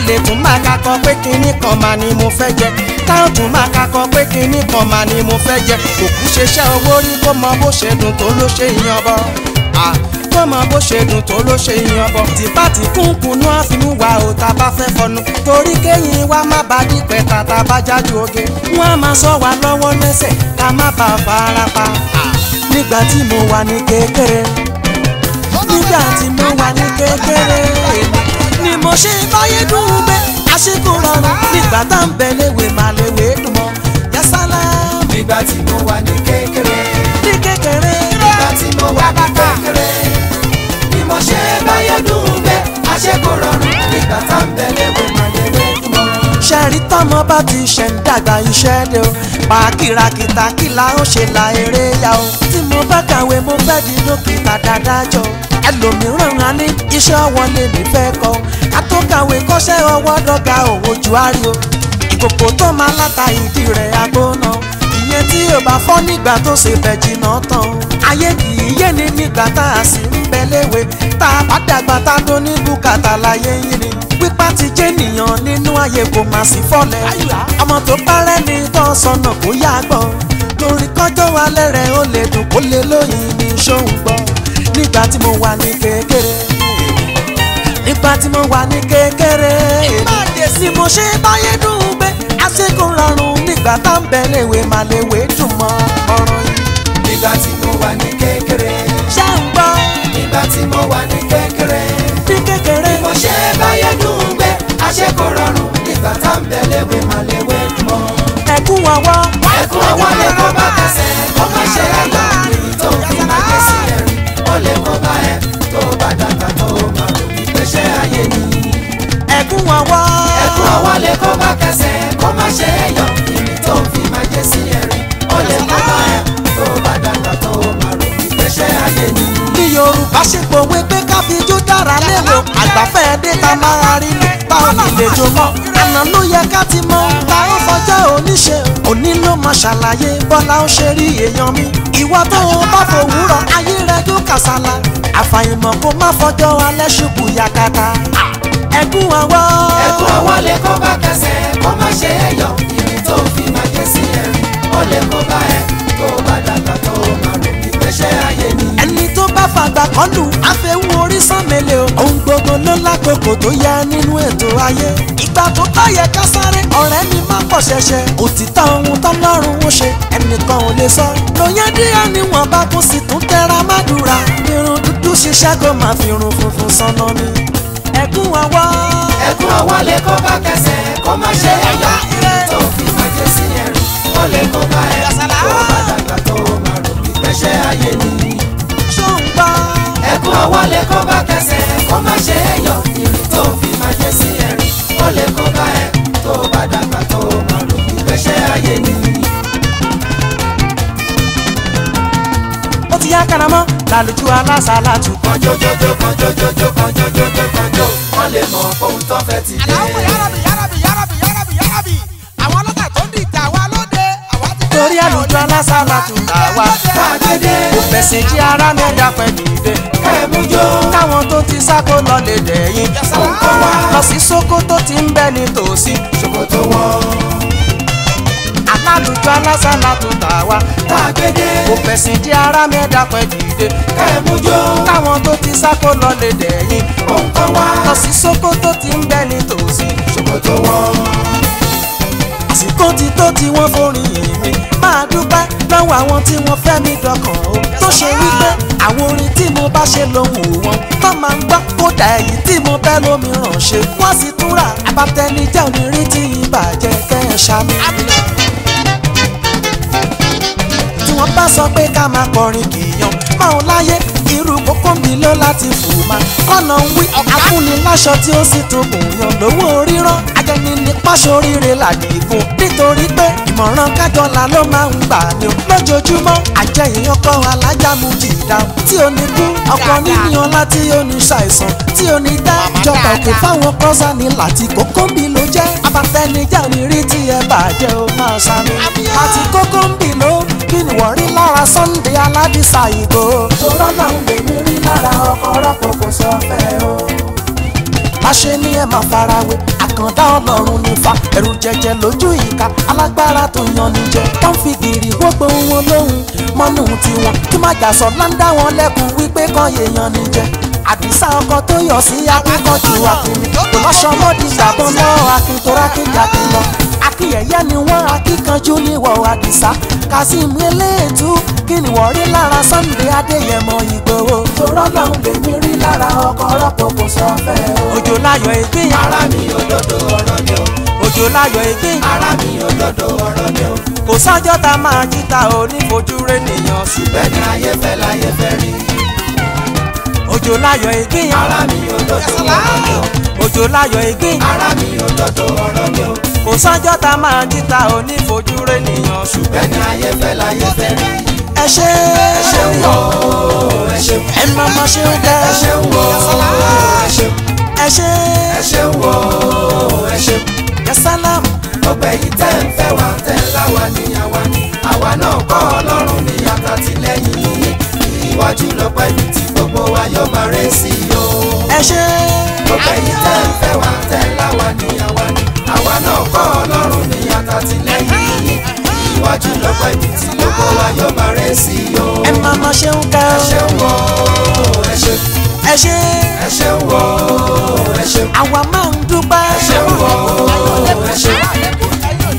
lè tún máa kakọ pé kinní kan máa ni mo fẹ́ jẹ táwọn máa kakọ pé kinní kan máa ni mo fẹ́ jẹ òkú ṣeṣẹ́ owó rí kó mọ bó ṣe dùn tó ló ṣe yan bọ́ kó mọ bó ṣe dùn tó ló ṣe yan bọ́ tìpátì kúnkùnú àfinú wa ò tá a bá fẹ́ fọnu torí kéyìn wa má bá dípẹ́ tàtà bá jájú oge wọ́n á máa sọ wa lọ́wọ́ lẹ́sẹ̀ ká má bàa fara pa nígbà tí mo wà ní kékeré nígbà tí mo wà ní kékeré ni mo ṣe báyé dùn gbé àṣekò rọrùn nígbà tá ń bẹ léwe máa léwe dùn mọ́ yasala. nígbà tí mo wà ní kékeré. ní kékeré. nígbà tí mo wà ní kékeré. ni mo ṣe báyé dùn gbé àṣekò rọrùn nígbà tá ń bẹ léwe máa léwe dùn mọ́. ṣẹ́rí tọ́mọ bá ti ṣe ń dàgbà iṣẹ́ de o pàákìràkìtà kìlà ó ṣe la eré yá o tí mo bá kàwé mo fẹ́ di dókítà dáadáa ẹlòmíràn á ní iṣẹ́ ọwọ́ lèmi fẹ́ kọ́ atókàwé kọ́ṣẹ́ ọwọ́ dọ́gba òwò ju ariwo ìkòkò tó máa láta ìdí rẹ̀ agbóná ìyẹn tí ò bá fọ́ nígbà tó ṣe fẹ́ jìnnà tán ayé kì í yé ni nígbà tá a sì ń bẹ léwe tá a bá dàgbà tá a dún ní bùkátà láyé yín ni pípa ti jẹ́ nìyàn nínú ayé kò má sí fọ́lẹ̀ ọmọ tó parẹ́ ni tó sọnà kó yá gbọ́ lórí kọjọ́ alẹ́ rẹ̀ ó lè dùn kó lè lóyìn ní ṣóun gbọ́ nígbà tí mo wà ní kékeré nígbà tí mo wà ní kékeré ni mo ṣe báyé dùn gbé àsìkò rọrùn nígbà tá ń bẹ léwe má léwe dùn mọ́ ọ̀rọ̀ yìí. nígbà tí mo wà ní kékeré ṣé ń gbọ́. nígbà tí mo wà ní kékeré ní kékeré ni mo ṣe báyé dùn gbé àsìkò rọrùn nígbà tá ń bẹ léwe má léwe dùn mọ́. ẹkún ọwọ́ ẹkún ọwọ́ lè kó bá tẹsẹ̀ kó má lọ. ṣe é yọ ibi tó fi máa jẹ́ sí ẹ̀rín ó lè má lọ ẹ̀ tó bá dàgbà tó máa rò ìgbésẹ̀ ayé ni. bí Yorùbá ṣe pòwe pé ká fi jú dára léwo àgbàfẹ́ dé ta máa rí ni tá ò mọ́ àná ló yẹ ká ti mọ ta fọjọ́ oníṣe òní ló máa ṣàlàyé bọ́lá ó ṣe rí èèyàn mi ìwọ tó o bá fòwúrọ̀ ayé rẹ yóò kàsálà àfàìmọ̀ kó má fọjọ́ alẹ́ ṣubú yakata ẹ̀gún ọwọ́ ẹ̀gún ọwọ́ lè kó bá kẹsẹ̀ kó má ṣe é yọ ibi tó fi máa dé sí ẹ ó lè kó bá ẹ tó bá dàgbà tó máa rò ìgbésẹ̀ ayé ni. ẹni tó bá fàgbà kan lù orí sànmẹ́lẹ̀ o ohun gbogbo ló lákòókò tó yá nínú ètò ayé ìgbà tó bá yẹ ká sáré ọ̀rẹ́ mi má pọ̀ ṣẹ̀ṣẹ̀ òtítọ́ ohun tọ́lọ́run ó ṣe ẹnìkan ò lè sọ lóyún díẹ̀ níwọ̀n bá kó sì tún tẹra má dùra irun dúdú ṣiṣẹ́ kó máa fi irun funfun sọnà ni ẹ̀gún àwọ̀ ẹkún ọwọ́ lè kó bá kẹsẹ̀ kó má ṣe ẹ̀yà tó fi máa jẹ sí ẹ̀rù ó lè kó bá ẹ̀ kó bá dàgbà tó máa rò bí pẹ́ṣẹ́ ayé ni. ẹkún ọwọ́ lè kó bá kẹsẹ̀ kó má ṣe ẹ̀yà tó fi máa jẹ sí ẹ̀rù ó lè kó bá ẹ̀ tó bá dàgbà tó máa rò bí ayé ni. ó ti yá karamọ́ lálùjú alásàlá tù. kọjọjọjọ kọjọjọjọ jojo kọjọ wọn lè mọ ohun tó fẹ́ ti dé. àlàó yàrá torí àlùjọ alásàlá tù àwa kàgédé kò fẹsẹ̀ jí ara mi dapẹ̀ dìde kẹmújó káwọn tó ti sáko lọ lè dẹ̀yìn kò kọ́ wa lọ sí sokoto tí ń bẹ ní tòsí Sókótó wọn lásánà tó tà wá. Tàgédé. Kò fẹ̀sìn di ara mi ẹ̀dá pẹ̀ dìde. Kẹ̀mújó. Táwọn tó ti sáko lọ lè dẹ̀yìn. Ó ń kọ́ wá. Tọ̀sí sóko tó ti ń bẹ ní tòsí. Ṣòkòtò wọn. Àsìkò ti tó tí wọ́n forin yìí mi. Máa dúpẹ́ lọ́wọ́ àwọn tí wọ́n fẹ́ mi dọkàn o. Tó ṣe wípé àwọn orin tí mo bá ṣe lòun wọn. Tó máa ń gbọ́ kódà èyí tí mo fẹ́ lómi ràn ṣe. Wọ́n sì túnra àbátẹnijẹ́ onírin tí ìbàjẹ́ kẹ́ ẹ̀ ṣá mi wọ́n bá sọ pé ká máa kọrin kèèyàn máa láyé irú kókóǹbì ló láti fò má ọ̀nà wí afúniláṣọ tí ó sì tún kùn yan lówó ríran ajẹni ní pàṣọríire làdìgún nítorí pé ìmọ̀ràn kájọlá ló máa ń gbà ní o lójoojúmọ́ àjẹ èèyàn kọ́ alájàmú jìdá tí o ní kú ọkọ níyàn láti oníṣàìsàn tí o ní dá jọba òkè fáwọn kọ́sà ní láti kókóǹbì ló jẹ́ abatẹnijà rírí tí ẹ bàjẹ́ o máa ṣàmì àti kókóǹbì ló kí wọ́n rí lára Sunday aládìsá ìgò. sọ̀rọ̀ náà ń lèmi rí lára ọkọ̀ rọ́pò kò sọ fẹ́ o. láṣẹ ni ẹ máa farawé àkàndá ọlọ́run nífa ẹ̀rù jẹjẹ lójú ìka alágbára tó yan ni jẹ ká ń fi gìrì wọ́gbọ́ wọn lóhùn mọ́nú tiwọn kí má jà sọ láńdá wọn lẹ́kùn wípé kan yèèyàn ni jẹ àdìsá ọkọ tó yọ sí akíkanjú akínní kò lọ́sọ̀mọ́dìjà bọ́n lọ́ọ́ akíntorá kíjà kí lọ. Bukky yẹ̀yẹ́ ni wọ́n akíkanjú níwọ̀ Àdìsá Kazeem Eléètú kí ni wọ́n rí lára Sunday Adéyẹmọ Ìgbòho. tòrọ́ lòun lèmi rí lára ọkọ̀ rọ́pò kò sọ fẹ́ o. òjò láyọ̀ ìpín. ara mi òdodo ọ̀rọ̀ ni o. òjò láyọ̀ ìpín. ara mi òdodo ọ̀rọ̀ ni o. kò sájọ́ ta máa jíta onífojú rẹ̀ nìyàn. ṣùgbẹ́ ni ayé fẹ́ láyé fẹ́ rí òjò láyọ̀ ìgbín. ara mi ò dọ̀dọ̀ ọ̀rọ̀ mi o. òjò láyọ̀ ìgbín. ara mi ò dọ̀dọ̀ ọ̀rọ̀ mi o. kò sọ́jọ́ tá máa jí ta ò ní fojú rẹ̀ nìyàn. ṣùgbẹ́ ni ayé fẹ́ láyé fẹ́ rí. ẹ ṣe ẹ ṣe ẹ ṣe ẹ máa ma ṣe ń kẹ ẹ ṣe ń wọ ẹ ṣe ẹ ṣe ẹ ṣe ẹ ṣe yasalam. ọgbẹ́ yìí tẹ́ ń fẹ́ wa tẹ́ ń láwa níyàwá àwa náà kọ́ ọlọ́run ní àtàtìlẹ́yìn yìí iwájú lọ́pẹ́ mi ti wa yóò máa ré sí i o. ẹ ṣe. gbogbo ẹ̀yin tẹ́ ń fẹ́ wa tẹ́ láwa ní àwa ní àwa náà kọ́ ọlọ́run ní àtàtìlẹ́yìn yìí iwájú lọ́pọ̀ ibi tí gbogbo wa yóò máa ré sí i o. ẹ máa ma ṣeun ká. ẹ ṣeun o ẹ ṣe. ẹ ṣe. ẹ ṣeun o ẹ ṣe. àwa máa ń dúpẹ́. ẹ ṣeun o ẹ ṣe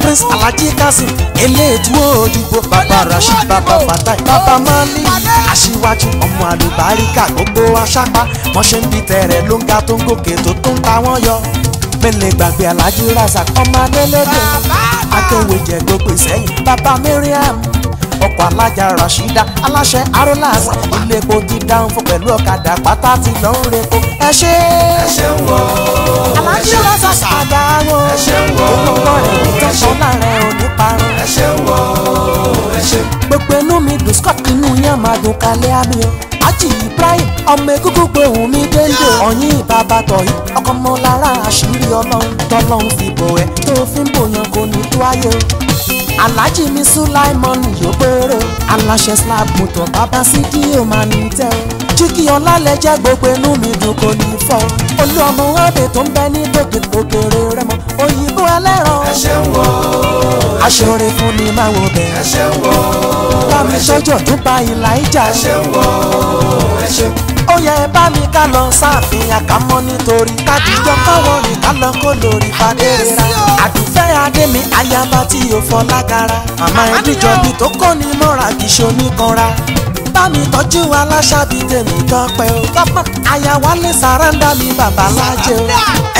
prince alhaji kasim eléètú òjúbọ bàbá rasheed bàbá fatai bàbá mali aṣíwájú ọmọ àlùbáríkà gbogbo aṣápá mọṣẹ́ ń bi tẹ̀rẹ̀ ló ń ga tó ń gòkè tó tó ń ta wọ́n yọ mẹ́lẹ̀ gbàgbé alhaji razak ọmọ adélẹ́dẹ̀ akéwèjẹ gbogbo ìsẹ́yìn bàbá mariam ọkọ̀ alájà rashida aláṣẹ arolas ilé epo ti dáhùn pẹ̀lú ọ̀kadà pátá ti lọ ń repo. ẹ ṣe ẹ ṣe ń wọ aláṣẹ rasa àgbà wọn ẹ ṣe ń wọ ọkọ rẹ ìtọ́sán láàrẹ òní parun. ẹ ṣe ń wọ ẹ ṣe. gbogbo inú mi dùn scott inú yẹn máa dùn kalẹ́ àmì o aji ibrahim ọmọ egungun gbohùn mi dénde ọyìn bàbá tọyìn ọkọ àṣírí ọlọ́run tọlọ́run fi ẹ tó fi ń bòyàn kò ní tó ayé o alhaji mi sulaimon yòbóró aláṣẹ slab motor bàbá sí kí o máa jíkì ọlálẹ̀ jẹ́ gbogbo inú mi dùn kò ní fọ́ olú ọmọ ọ̀dẹ tó ń bẹ ní gòkè gòkèrè mọ òyìnbó ẹlẹ́ran. ẹ ń wo. aṣọre fún mi máa wo bẹ́ẹ̀. ẹ ń wo. bá mi ṣọjọ́ tó bá ìlà ìjà. ẹ ń wo. ẹ ń wo yẹ bá mi ká lọ sáàfin àkámọ́ nítorí kádìjọ káwọn ní ká lọ kó lórí fàdérera àdùfẹ́ adémi ayaba tí yóò fọ lágara àmọ́ ẹ̀díjọ mi tó kọ́ ni mọ́ra kì í kanra bá mi tọ́jú aláṣàbí tèmi dọ́pẹ́ o àyàwá lè sàrẹ́ńdà mi bàbá lájẹ o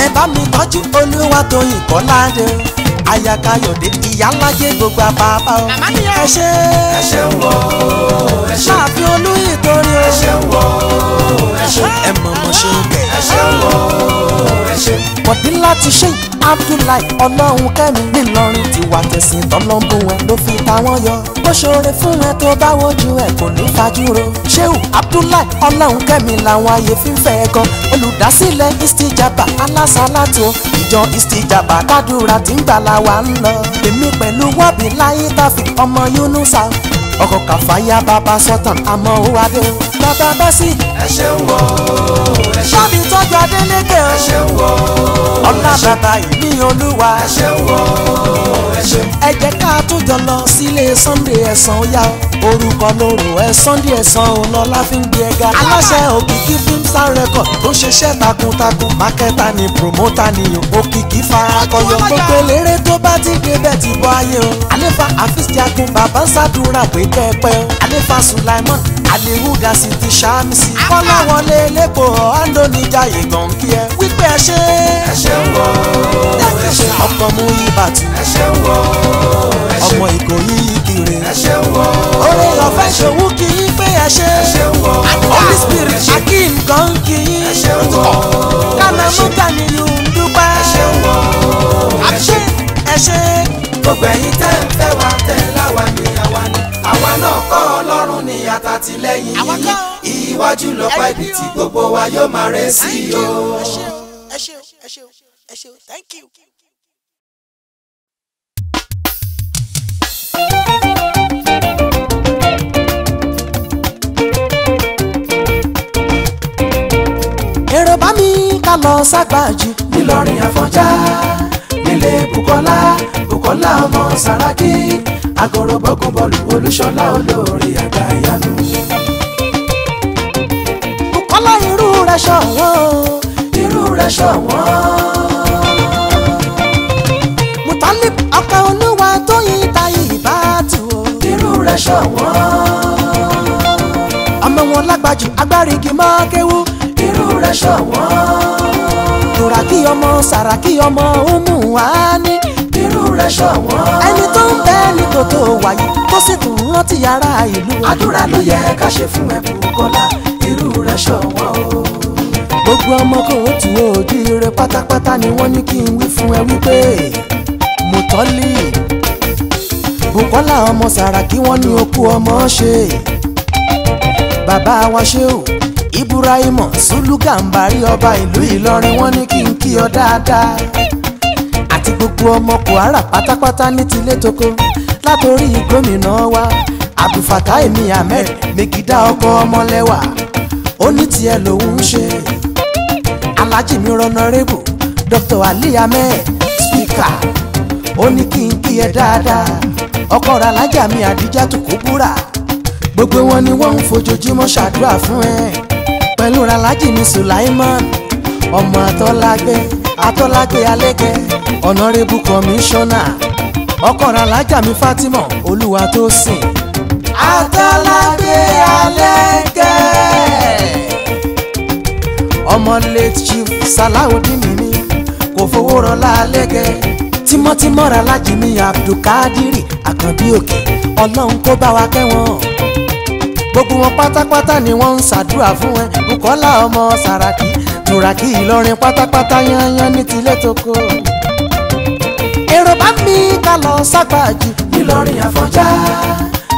ẹ bá mi tọ́jú olúwa tó yìnbọn lájẹ o aya káyọ̀dé ìyá ńlájẹ gbogbo àbàbà o. ẹ ṣe ẹ ṣe ń wọ ẹ ṣe. láàfin olú ìtorí o. ẹ ṣe ń wọ ẹ ṣe. ẹ mọ̀ mọ̀ ṣe ń bẹ̀. ẹ ṣe ń wọ ẹ ṣe. bọ̀dí láti ṣe abdullahi ọlọ́run kẹ́mi nílọrin ti wà tẹ̀sìn tọ́lọ́gbọ̀n ẹ ló fi ta yọ. bó ṣoore fún ẹ tó bá wojú ẹ kò ní fajúro. sheu abdullahi ọlọ́run kẹ́mi làwọn ayé fífẹ́ gan olùdásílẹ̀ istijaba alásàlátò ìjọ ìsìjàbá kádùrà tí ń gbàlà wà ń lọ. èmi pẹ̀lú wọ́bì láyé tàfi ọmọ Yunusa ọkọ̀ kàfáyà bàbá sọ́tàn àmọ́ ó wá dé bàbá bẹ́sì. ẹ ṣeun wo ẹ ṣeun. bábí tọ́jú adélékè o. ẹ ṣeun wo ẹ ṣeun. ọlá bàbá ìní olúwa. ẹ ṣeun wo ẹ ṣeun. ẹ jẹ́ ká tún jọ lọ sílé sunday ẹ̀sán ó yá o. orúkọ lóru ẹ sunday ẹ̀sán ò lọ láfi ń gbé ẹga. aláṣẹ òkìkí fíìmsà rẹkọd tó ṣiṣẹ́ takuntakun mákẹ́tà ni promota ni o. òkìkí farakọyọ gbogbo eléré tó bá ti débẹ̀ ti bọ́ ayé o. àlefa àfíìsì akun bàbá ń ṣàdúrà pé kẹ́ ẹ pẹ́ o. àlefa sùláìmọ́n àlèhù gàsì ti ṣàmìsì kọ́láwọlé lẹ́kọ̀ọ́ andoni jayé gànpíẹ́ wípé ẹ ṣe ẹ ṣe ń wọ ẹ ṣe ọkọ mú ibàtú ẹ ṣe ń wọ ọmọ ìkòyí ìkìrè ẹ ṣe ń wọ orí ọ̀fẹ́ ṣòwú kì í pé ẹ ṣe ẹ ṣe ń wọ holy spirit akim gan kì í ẹ ṣe ń wọ kánámú kanilu ń dúpẹ́ ẹ ṣe ń wọ gbogbo ẹ̀yin tẹ́ ń fẹ́ wa tẹ́ láwa ni àwa ni àwa náà kọ́ àtàtìlẹ́yìn yìí iwájú lọ́pàá ibi tí gbogbo wa yóò máa rẹ̀ sí i o. ẹ ṣé thank you. èrò bá mi ká lọ ságbájú. nílọrin àfọ̀njá nílé bukola Bùkọ́lá ọmọ Sàràkí agoro bọ́kún bọ́ọ̀lù olúṣọlá olóore àgbà ìyanu. Bùkọ́lá irú rẹ̀ ṣọ̀wọ́n. irú rẹ̀ ṣọ̀wọ́n. Mutalib ọkọ olúwa tó yin ta ìbá tù. irú rẹ̀ ṣọ̀wọ́n. ọmọ wọn lágbájú agbárígi máa kéwú. irú rẹ̀ ṣọ̀wọ́n. tòràkì ọmọ sàràkì ọmọ ó mú wa ní rẹ ṣọ̀wọ́n. ẹni tó ń bẹ ní tòótó wáyé tó sì tún rántí ara ìlú. àdúrà ló yẹ ká ṣe fún ẹkùn kọlá irú rẹ ṣọ̀wọ́n o. gbogbo ọmọ kò tù ojú ire pátápátá ni wọ́n ní kí n wí fún ẹ wípé mo tọ́lì Bùkọ́lá ọmọ Sàràkí wọ́n ní okú ọmọ ṣe bàbá wa ṣe o Ibrahim Sùlù ọba ìlú Ìlọrin wọ́n ní kí n kí ọ dáadáa gbogbo ọmọ Kwara pátápátá ní tilé toko látòrí gómìnà wa Abdulfatai mi Ahmed mègídá ọkọ ọmọlẹ́wà ó ní tiẹ̀ lòun ń ṣe alájì mi rọnàrẹ́bù Dr. Ali Ahmed spika ó ní kí n kí ẹ dáadáa ọkọ rẹ alájà mi àdíjà tó kó búra gbogbo wọn ni wọ́n ń fojoojúmọ́ ṣàdúrà fún ẹ pẹ̀lú ralájì mi Sulaiman ọmọ àtọ́lágbẹ́ atọ́lágbé alẹ́kẹ́ ọ̀nàrẹ́bù kọmíṣánná ọkọ̀rọ̀ alájà mi Fatima olúwa tó sìn. atọ́lágbé alẹ́kẹ́ ọmọ late chief salawudeen mi kò fowó rọlá alẹ́kẹ́ tímọ́tímọ́ ra lájì ní abdulkadiri àkànbí òkè ọlọ́run kó bá wa kẹ́wọ̀n gbogbo wọn pátápátá ni wọ́n ń ṣàdúrà fún ẹ Bùkọ́lá ọmọ Sàràkí Ìtura-Kí Ìlọrin pátápátá yanyan ní tilé toko. èrò bá mi ká lọ sápàjì. Ìlọrin Àfọ̀njá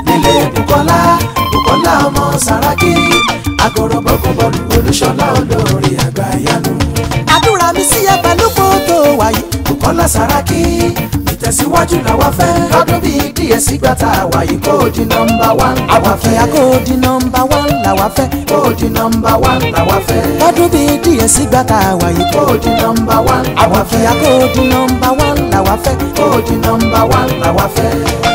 nílé Bùkọ́lá Bùkọ́lá ọmọ Sàràkí agoro bọ́kúbọ́ọ̀lù Olúṣọlá olórí àgbà yanu. àdúrà mi sí ẹ pẹ̀lú kó tó wáyé. Bùkọ́lá Sàràkí ìtẹ̀síwájú làwa fẹ́. lọ́dún bíi dsc gbà tá a wà yìí kó o di nọmba wán làwa fẹ́. ìyá kó o di nọmba wán làwa fẹ́. kó o di nọmba wán làwa fẹ́. lọ́dún bíi dsc gbà tá a yìí kó nọmba wán làwa ìyá kó nọmba wán làwa fẹ́. kó nọmba wán làwa fẹ́.